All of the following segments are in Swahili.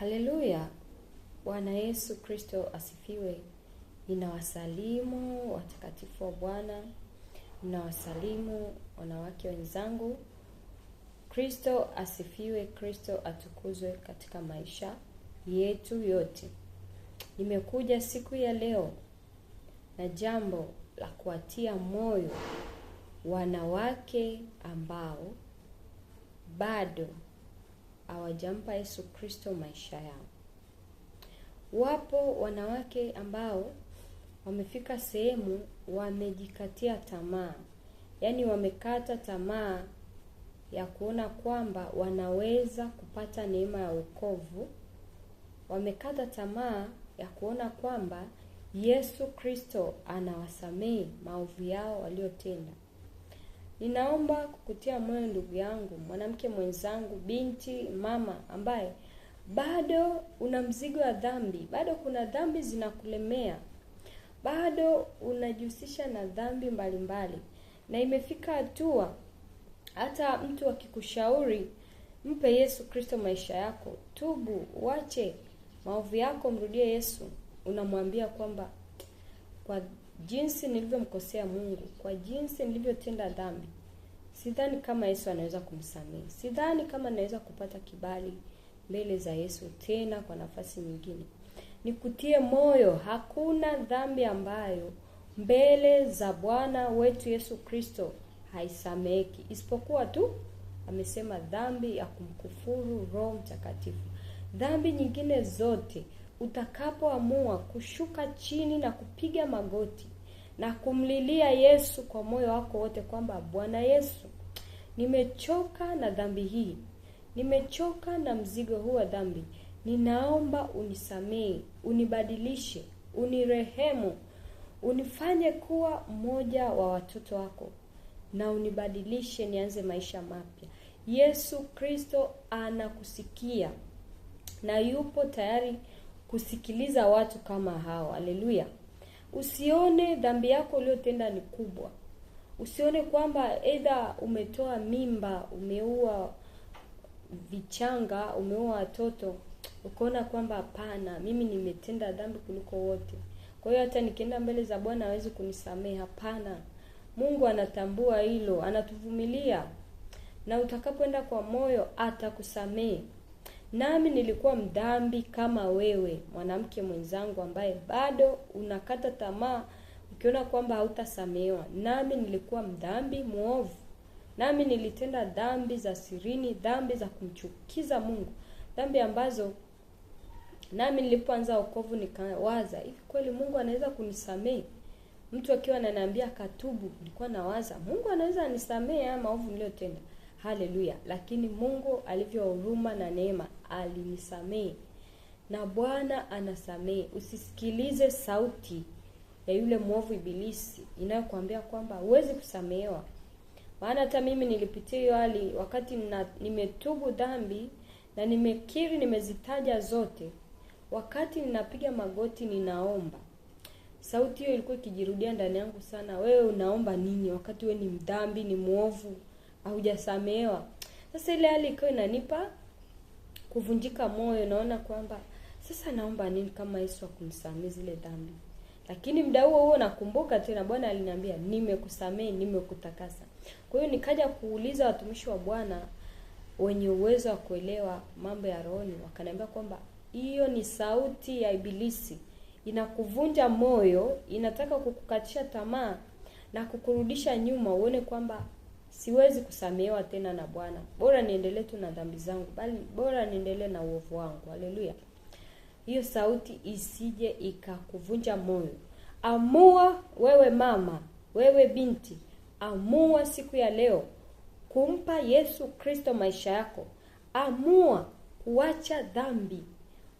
Haleluya! Bwana Yesu Kristo asifiwe. Ninawasalimu watakatifu wa Bwana, ninawasalimu wanawake wenzangu. Kristo asifiwe, Kristo atukuzwe katika maisha yetu yote. Nimekuja siku ya leo na jambo la kuwatia moyo wanawake ambao bado hawajampa Yesu Kristo maisha yao. Wapo wanawake ambao wamefika sehemu wamejikatia tamaa, yaani wamekata tamaa ya kuona kwamba wanaweza kupata neema ya wokovu. Wamekata tamaa ya kuona kwamba Yesu Kristo anawasamehe maovu yao waliotenda. Ninaomba kukutia moyo ndugu yangu, mwanamke mwenzangu, binti, mama ambaye bado una mzigo wa dhambi, bado kuna dhambi zinakulemea, bado unajihusisha na dhambi mbalimbali mbali. Na imefika hatua hata mtu akikushauri mpe Yesu Kristo maisha yako, tubu, uache maovu yako, mrudie Yesu, unamwambia kwamba kwa jinsi nilivyomkosea Mungu, kwa jinsi nilivyotenda dhambi, sidhani kama Yesu anaweza kumsamehe. Sidhani kama naweza kupata kibali mbele za Yesu tena kwa nafasi nyingine. Nikutie moyo, hakuna dhambi ambayo mbele za Bwana wetu Yesu Kristo haisameheki, isipokuwa tu amesema dhambi ya kumkufuru Roho Mtakatifu. Dhambi nyingine zote utakapoamua kushuka chini na kupiga magoti na kumlilia Yesu kwa moyo wako wote kwamba Bwana Yesu, nimechoka na dhambi hii, nimechoka na mzigo huu wa dhambi, ninaomba unisamehe, unibadilishe, unirehemu, unifanye kuwa mmoja wa watoto wako na unibadilishe nianze maisha mapya. Yesu Kristo anakusikia na yupo tayari kusikiliza watu kama hao. Haleluya! Usione dhambi yako uliotenda ni kubwa, usione kwamba edha umetoa mimba, umeua vichanga, umeua watoto, ukaona kwamba hapana, mimi nimetenda dhambi kuliko wote, kwa hiyo hata nikienda mbele za Bwana awezi kunisamehe. Hapana, Mungu anatambua hilo, anatuvumilia, na utakapoenda kwa moyo atakusamehe. Nami nilikuwa mdhambi kama wewe, mwanamke mwenzangu, ambaye bado unakata tamaa ukiona kwamba hautasamehewa. Nami nilikuwa mdhambi mwovu, nami nilitenda dhambi za sirini, dhambi za kumchukiza Mungu, dhambi ambazo nami nilipoanza okovu nikawaza, hivi kweli Mungu anaweza kunisamehe? Mtu akiwa ananiambia katubu, nilikuwa nawaza Mungu anaweza anisamehe maovu niliyotenda. Haleluya! Lakini Mungu alivyo huruma na neema alinisamehe, na Bwana anasamehe. Usisikilize sauti ya yule mwovu Ibilisi inayokuambia kwamba huwezi kusamehewa. Maana hata mimi nilipitia hiyo hali wakati na, nimetubu dhambi na nimekiri, nimezitaja zote. Wakati ninapiga magoti ninaomba, sauti hiyo ilikuwa ikijirudia ndani yangu sana, wewe unaomba nini wakati we ni mdhambi, ni mwovu? haujasamehewa sasa ile hali ikawa inanipa kuvunjika moyo naona kwamba sasa naomba nini kama Yesu akumsamehe zile dhambi lakini mda huo huo nakumbuka tena Bwana aliniambia nimekusamee nimekutakasa. Kwa hiyo nikaja kuuliza watumishi wa Bwana wenye uwezo wa kuelewa mambo ya rohoni, wakaniambia kwamba hiyo ni sauti ya Ibilisi, inakuvunja moyo, inataka kukukatisha tamaa na kukurudisha nyuma, uone kwamba siwezi kusamehewa tena na Bwana. Bora niendelee tu na dhambi zangu, bali bora niendelee na uovu wangu. Haleluya! Hiyo sauti isije ikakuvunja moyo. Amua wewe mama, wewe binti, amua siku ya leo kumpa Yesu Kristo maisha yako. Amua kuacha dhambi.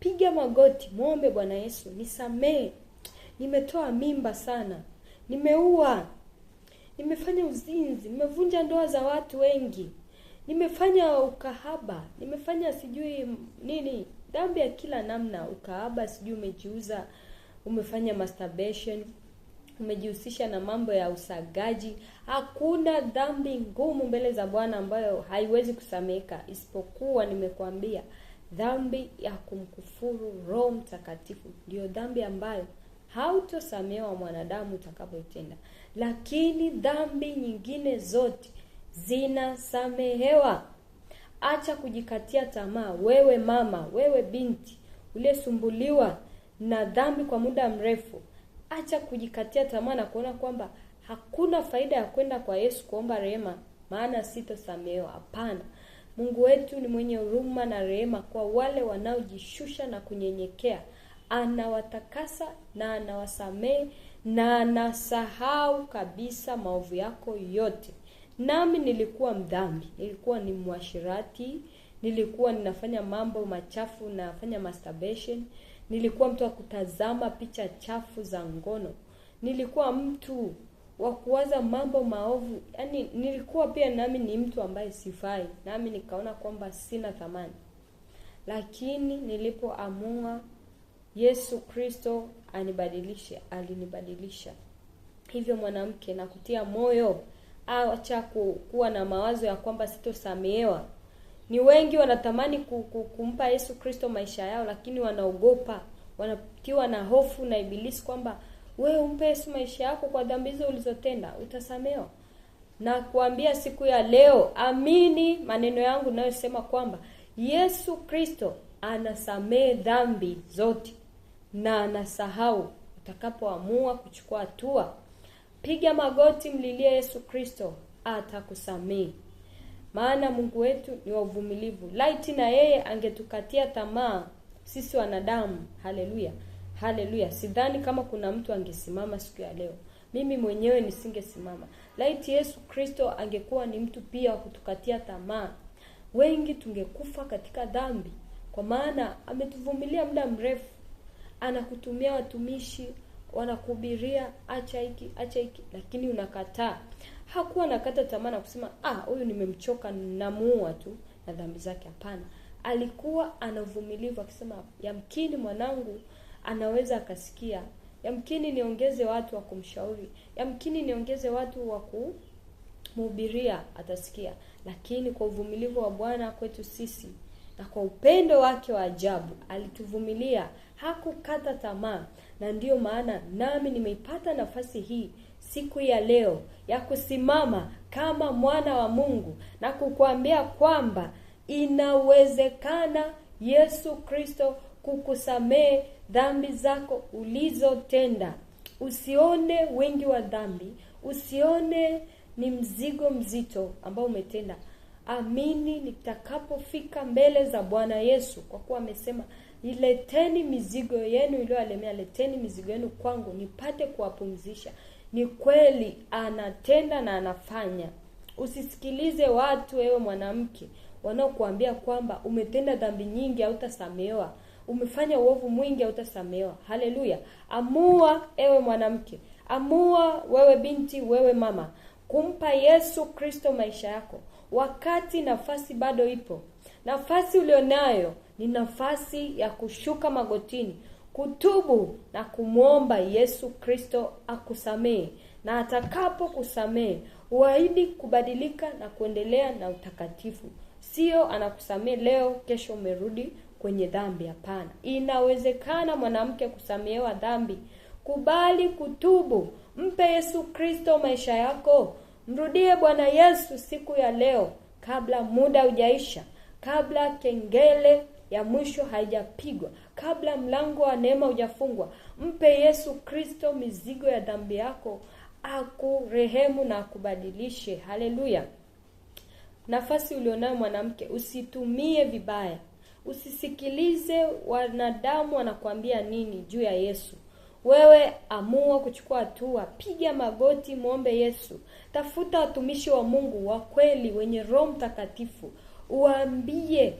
Piga magoti, muombe Bwana Yesu, nisamehe, nimetoa mimba sana, nimeua nimefanya uzinzi, nimevunja ndoa za watu wengi, nimefanya ukahaba, nimefanya sijui nini, dhambi ya kila namna, ukahaba, sijui umejiuza, umefanya masturbation, umejihusisha na mambo ya usagaji. Hakuna dhambi ngumu mbele za Bwana ambayo haiwezi kusameka, isipokuwa nimekwambia dhambi ya kumkufuru Roho Mtakatifu ndiyo dhambi ambayo hautosamewa mwanadamu utakapoitenda lakini dhambi nyingine zote zinasamehewa. Acha kujikatia tamaa, wewe mama, wewe binti uliyesumbuliwa na dhambi kwa muda mrefu. Acha kujikatia tamaa na kuona kwamba hakuna faida ya kwenda kwa Yesu kuomba rehema, maana sitosamehewa. Hapana. Mungu wetu ni mwenye huruma na rehema kwa wale wanaojishusha na kunyenyekea. Anawatakasa na anawasamehe na nasahau kabisa maovu yako yote. Nami nilikuwa mdhambi, nilikuwa ni mwashirati, nilikuwa ninafanya mambo machafu, nafanya masturbation, nilikuwa mtu wa kutazama picha chafu za ngono, nilikuwa mtu wa kuwaza mambo maovu. Yaani nilikuwa pia nami ni mtu ambaye sifai, nami nikaona kwamba sina thamani, lakini nilipoamua Yesu Kristo anibadilishe, alinibadilisha. Hivyo mwanamke, na kutia moyo, acha kuwa na mawazo ya kwamba sitosamehewa. Ni wengi wanatamani kumpa Yesu Kristo maisha yao, lakini wanaogopa, wanatiwa na hofu na Ibilisi kwamba wewe umpe Yesu maisha yako kwa dhambi hizo ulizotenda, utasamehewa. Na kuambia siku ya leo, amini maneno yangu nayosema kwamba Yesu Kristo anasamehe dhambi zote na anasahau utakapoamua kuchukua hatua piga magoti mlilie Yesu Kristo atakusamii maana Mungu wetu ni wa uvumilivu laiti na yeye angetukatia tamaa sisi wanadamu haleluya haleluya sidhani kama kuna mtu angesimama siku ya leo mimi mwenyewe nisingesimama laiti Yesu Kristo angekuwa ni mtu pia wa kutukatia tamaa wengi tungekufa katika dhambi kwa maana ametuvumilia muda mrefu anakutumia watumishi wanakuhubiria acha hiki acha hiki, lakini unakataa. Hakuwa nakata tamaa na kusema ah, huyu nimemchoka, namuua tu na dhambi zake. Hapana, alikuwa ana uvumilivu akisema, yamkini mwanangu anaweza akasikia, yamkini niongeze watu wa kumshauri, yamkini niongeze watu wa kumhubiria, atasikia. Lakini kwa uvumilivu wa Bwana kwetu sisi na kwa upendo wake wa ajabu alituvumilia, hakukata tamaa, na ndiyo maana nami nimeipata nafasi hii siku ya leo ya kusimama kama mwana wa Mungu na kukuambia kwamba inawezekana Yesu Kristo kukusamee dhambi zako ulizotenda. Usione wengi wa dhambi, usione ni mzigo mzito ambao umetenda amini nitakapofika mbele za Bwana Yesu, kwa kuwa amesema ileteni mizigo yenu iliyoalemea, leteni mizigo yenu kwangu nipate kuwapumzisha. Ni kweli anatenda na anafanya. Usisikilize watu, ewe mwanamke, wanaokuambia kwamba umetenda dhambi nyingi, hautasamehewa umefanya uovu mwingi, hautasamehewa. Haleluya! Amua ewe mwanamke, amua wewe binti, wewe mama, kumpa Yesu Kristo maisha yako wakati nafasi bado ipo. Nafasi ulionayo ni nafasi ya kushuka magotini, kutubu na kumwomba Yesu Kristo akusamehe, na atakapo kusamee uahidi kubadilika na kuendelea na utakatifu. Sio anakusamehe leo, kesho umerudi kwenye dhambi. Hapana, inawezekana mwanamke kusamehewa dhambi. Kubali kutubu, mpe Yesu Kristo maisha yako, Mrudie Bwana Yesu siku ya leo kabla muda hujaisha, kabla kengele ya mwisho haijapigwa, kabla mlango wa neema hujafungwa. Mpe Yesu Kristo mizigo ya dhambi yako, akurehemu na akubadilishe. Haleluya! Nafasi ulionayo mwanamke, usitumie vibaya. Usisikilize wanadamu wanakuambia nini juu ya Yesu. Wewe amua kuchukua hatua, piga magoti, mwombe Yesu, tafuta watumishi wa Mungu wa kweli wenye Roho Mtakatifu, uambie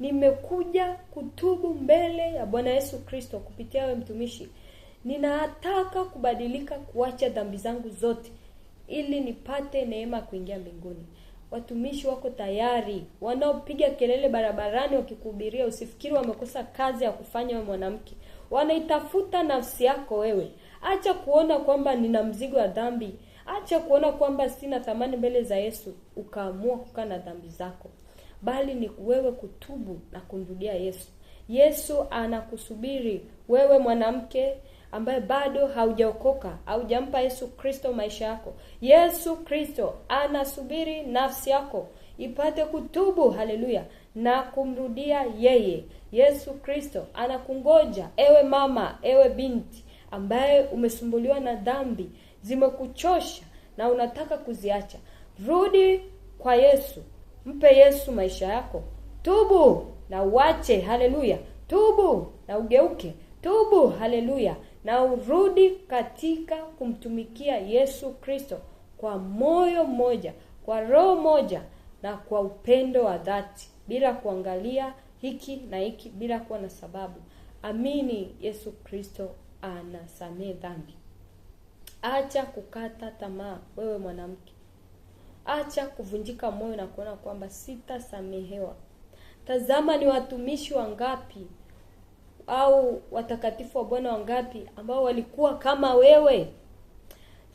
nimekuja kutubu mbele ya Bwana Yesu Kristo kupitia we mtumishi. Ninataka kubadilika, kuacha dhambi zangu zote ili nipate neema kuingia mbinguni. Watumishi wako tayari, wanaopiga kelele barabarani wakikuhubiria, usifikiri wamekosa kazi ya kufanya, we mwanamke wanaitafuta nafsi yako wewe. Acha kuona kwamba nina mzigo wa dhambi, acha kuona kwamba sina thamani mbele za Yesu, ukaamua kukaa na dhambi zako, bali ni wewe kutubu na kumrudia Yesu. Yesu anakusubiri wewe, mwanamke ambaye bado haujaokoka, haujampa Yesu Kristo maisha yako. Yesu Kristo anasubiri nafsi yako ipate kutubu, haleluya, na kumrudia yeye. Yesu Kristo anakungoja ewe mama, ewe binti ambaye umesumbuliwa na dhambi zimekuchosha na unataka kuziacha. Rudi kwa Yesu, mpe Yesu maisha yako. Tubu na uache, haleluya. Tubu na ugeuke, tubu, haleluya, na urudi katika kumtumikia Yesu Kristo kwa moyo mmoja, kwa roho moja na kwa upendo wa dhati bila kuangalia hiki na hiki bila kuwa na sababu. Amini Yesu Kristo anasamehe dhambi. Acha kukata tamaa, wewe mwanamke. Acha kuvunjika moyo na kuona kwamba sitasamehewa. Tazama ni watumishi wangapi au watakatifu wa Bwana wangapi ambao walikuwa kama wewe.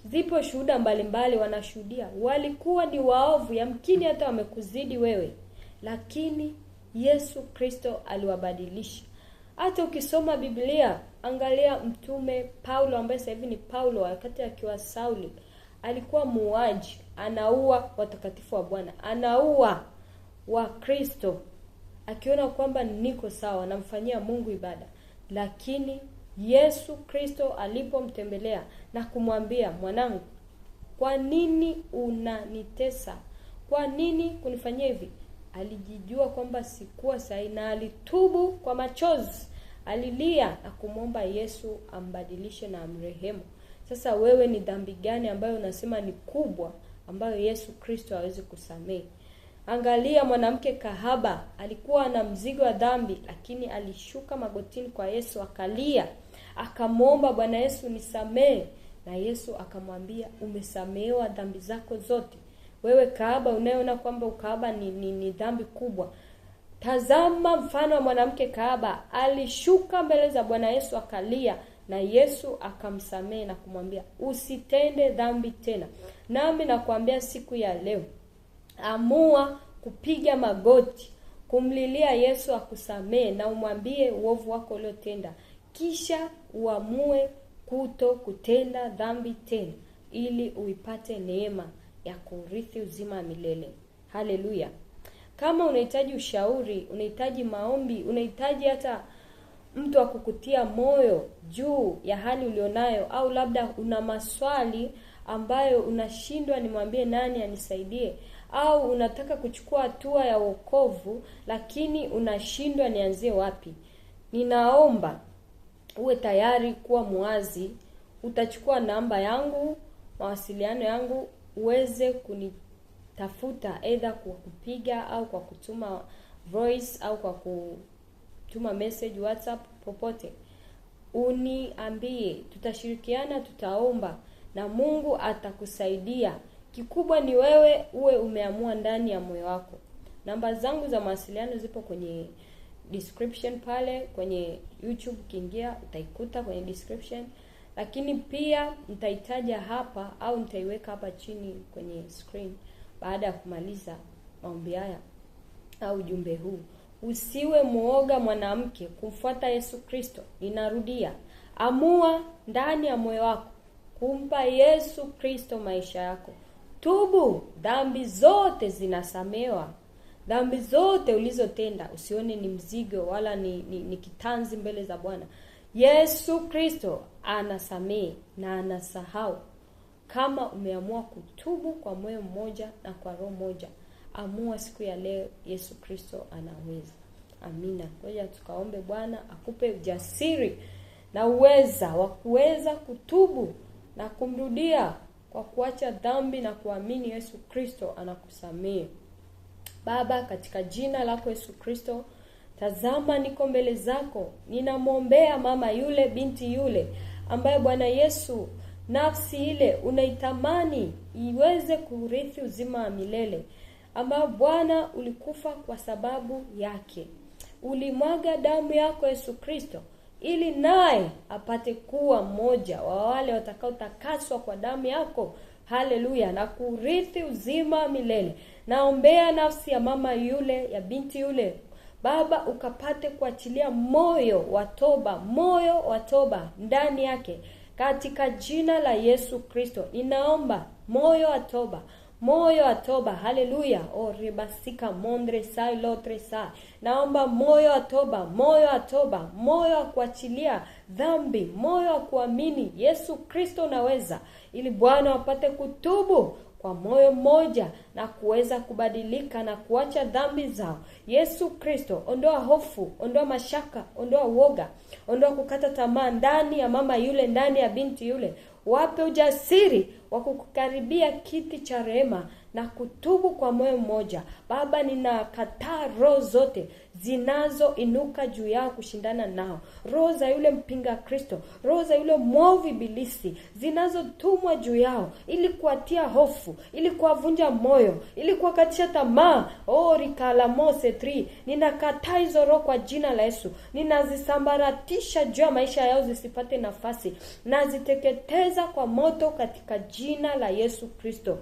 Zipo shuhuda mbalimbali wanashuhudia, walikuwa ni waovu, yamkini hata wamekuzidi wewe, lakini Yesu Kristo aliwabadilisha. Hata ukisoma Biblia, angalia mtume Paulo ambaye sasa hivi ni Paulo, wakati akiwa Sauli alikuwa muuaji, anaua watakatifu wa Bwana, anaua Wakristo akiona kwamba niko sawa, namfanyia Mungu ibada, lakini Yesu Kristo alipomtembelea na kumwambia mwanangu, kwa nini unanitesa? Kwa nini kunifanyia hivi? Alijijua kwamba sikuwa sahihi na alitubu kwa machozi, alilia na kumwomba Yesu ambadilishe na amrehemu. Sasa wewe, ni dhambi gani ambayo unasema ni kubwa ambayo Yesu Kristo hawezi kusamehe? Angalia mwanamke kahaba, alikuwa na mzigo wa dhambi, lakini alishuka magotini kwa Yesu akalia, akamwomba Bwana Yesu, nisamehe. Na Yesu akamwambia umesamehewa dhambi zako zote wewe kaaba unayeona kwamba ukaaba ni, ni, ni dhambi kubwa tazama mfano wa mwanamke kaaba alishuka mbele za bwana yesu akalia na yesu akamsamehe na kumwambia usitende dhambi tena nami nakuambia siku ya leo amua kupiga magoti kumlilia yesu akusamee na umwambie uovu wako uliotenda kisha uamue kuto kutenda dhambi tena ili uipate neema ya kurithi uzima wa milele. Haleluya! Kama unahitaji ushauri, unahitaji maombi, unahitaji hata mtu akukutia moyo juu ya hali ulionayo, au labda una maswali ambayo unashindwa nimwambie nani anisaidie, au unataka kuchukua hatua ya wokovu lakini unashindwa nianzie wapi, ninaomba uwe tayari kuwa muwazi. Utachukua namba yangu, mawasiliano yangu uweze kunitafuta either kwa kupiga au kwa kutuma voice au kwa kutuma message WhatsApp, popote uniambie, tutashirikiana, tutaomba na Mungu atakusaidia. Kikubwa ni wewe uwe umeamua ndani ya moyo wako. Namba zangu za mawasiliano zipo kwenye description pale kwenye YouTube, ukiingia utaikuta kwenye description lakini pia nitaitaja hapa au nitaiweka hapa chini kwenye screen baada ya kumaliza maombi haya au jumbe huu. Usiwe mwoga mwanamke kumfuata Yesu Kristo. Ninarudia, amua ndani ya moyo wako kumpa Yesu Kristo maisha yako. Tubu, dhambi zote zinasamewa. Dhambi zote ulizotenda usione ni mzigo wala ni, ni, ni kitanzi mbele za Bwana. Yesu Kristo anasamehe na anasahau. Kama umeamua kutubu kwa moyo mmoja na kwa roho moja, amua siku ya leo, Yesu Kristo anaweza. Amina. Ngoja tukaombe. Bwana akupe ujasiri na uweza wa kuweza kutubu na kumrudia kwa kuacha dhambi na kuamini Yesu Kristo anakusamehe. Baba, katika jina lako Yesu Kristo Tazama niko mbele zako, ninamwombea mama yule, binti yule ambaye Bwana Yesu nafsi ile unaitamani iweze kurithi uzima wa milele ambao Bwana ulikufa kwa sababu yake, ulimwaga damu yako Yesu Kristo ili naye apate kuwa mmoja wa wale watakaotakaswa kwa damu yako. Haleluya, na kurithi uzima milele. Naombea nafsi ya mama yule, ya binti yule Baba, ukapate kuachilia moyo wa toba, moyo wa toba ndani yake katika jina la Yesu Kristo. Ninaomba moyo wa toba moyo wa toba haleluya orebasika mondre sai lotre sai naomba moyo wa toba moyo wa toba moyo wa kuachilia dhambi moyo wa kuamini yesu kristo unaweza ili bwana wapate kutubu kwa moyo mmoja na kuweza kubadilika na kuacha dhambi zao. Yesu Kristo, ondoa hofu, ondoa mashaka, ondoa uoga, ondoa kukata tamaa ndani ya mama yule, ndani ya binti yule. Wape ujasiri wa kukukaribia kiti cha rehema na kutubu kwa moyo mmoja. Baba, ninakataa roho zote zinazoinuka juu yao kushindana nao, roho za yule mpinga Kristo, roho za yule mwovu ibilisi zinazotumwa juu yao ili kuwatia hofu, ili kuwavunja moyo, ili kuwakatisha tamaa. Oh, rikalamose ninakataa hizo roho kwa jina la Yesu, ninazisambaratisha juu ya maisha yao zisipate nafasi, naziteketeza kwa moto katika jina la Yesu Kristo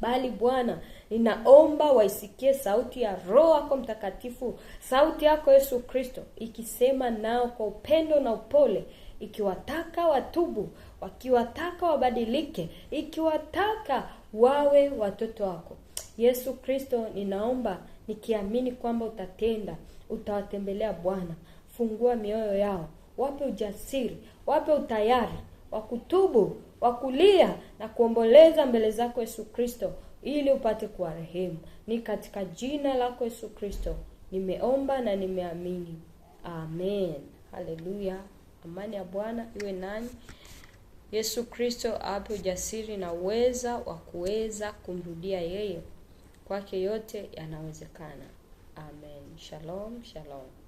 bali Bwana, ninaomba waisikie sauti ya Roho yako Mtakatifu, sauti yako Yesu Kristo, ikisema nao kwa upendo na upole, ikiwataka watubu, wakiwataka wabadilike, ikiwataka wawe watoto wako. Yesu Kristo, ninaomba nikiamini kwamba utatenda, utawatembelea Bwana. Fungua mioyo yao, wape ujasiri, wape utayari wa kutubu, wa kulia na kuomboleza mbele zako Yesu Kristo ili upate rehemu Ni katika jina lako Yesu Kristo nimeomba na nimeamini, amen. Haleluya. Amani ya Bwana iwe nani Yesu Kristo ape ujasiri na uweza wa kuweza kumrudia yeye. Kwake yote yanawezekana. Amen. Shalom, shalom.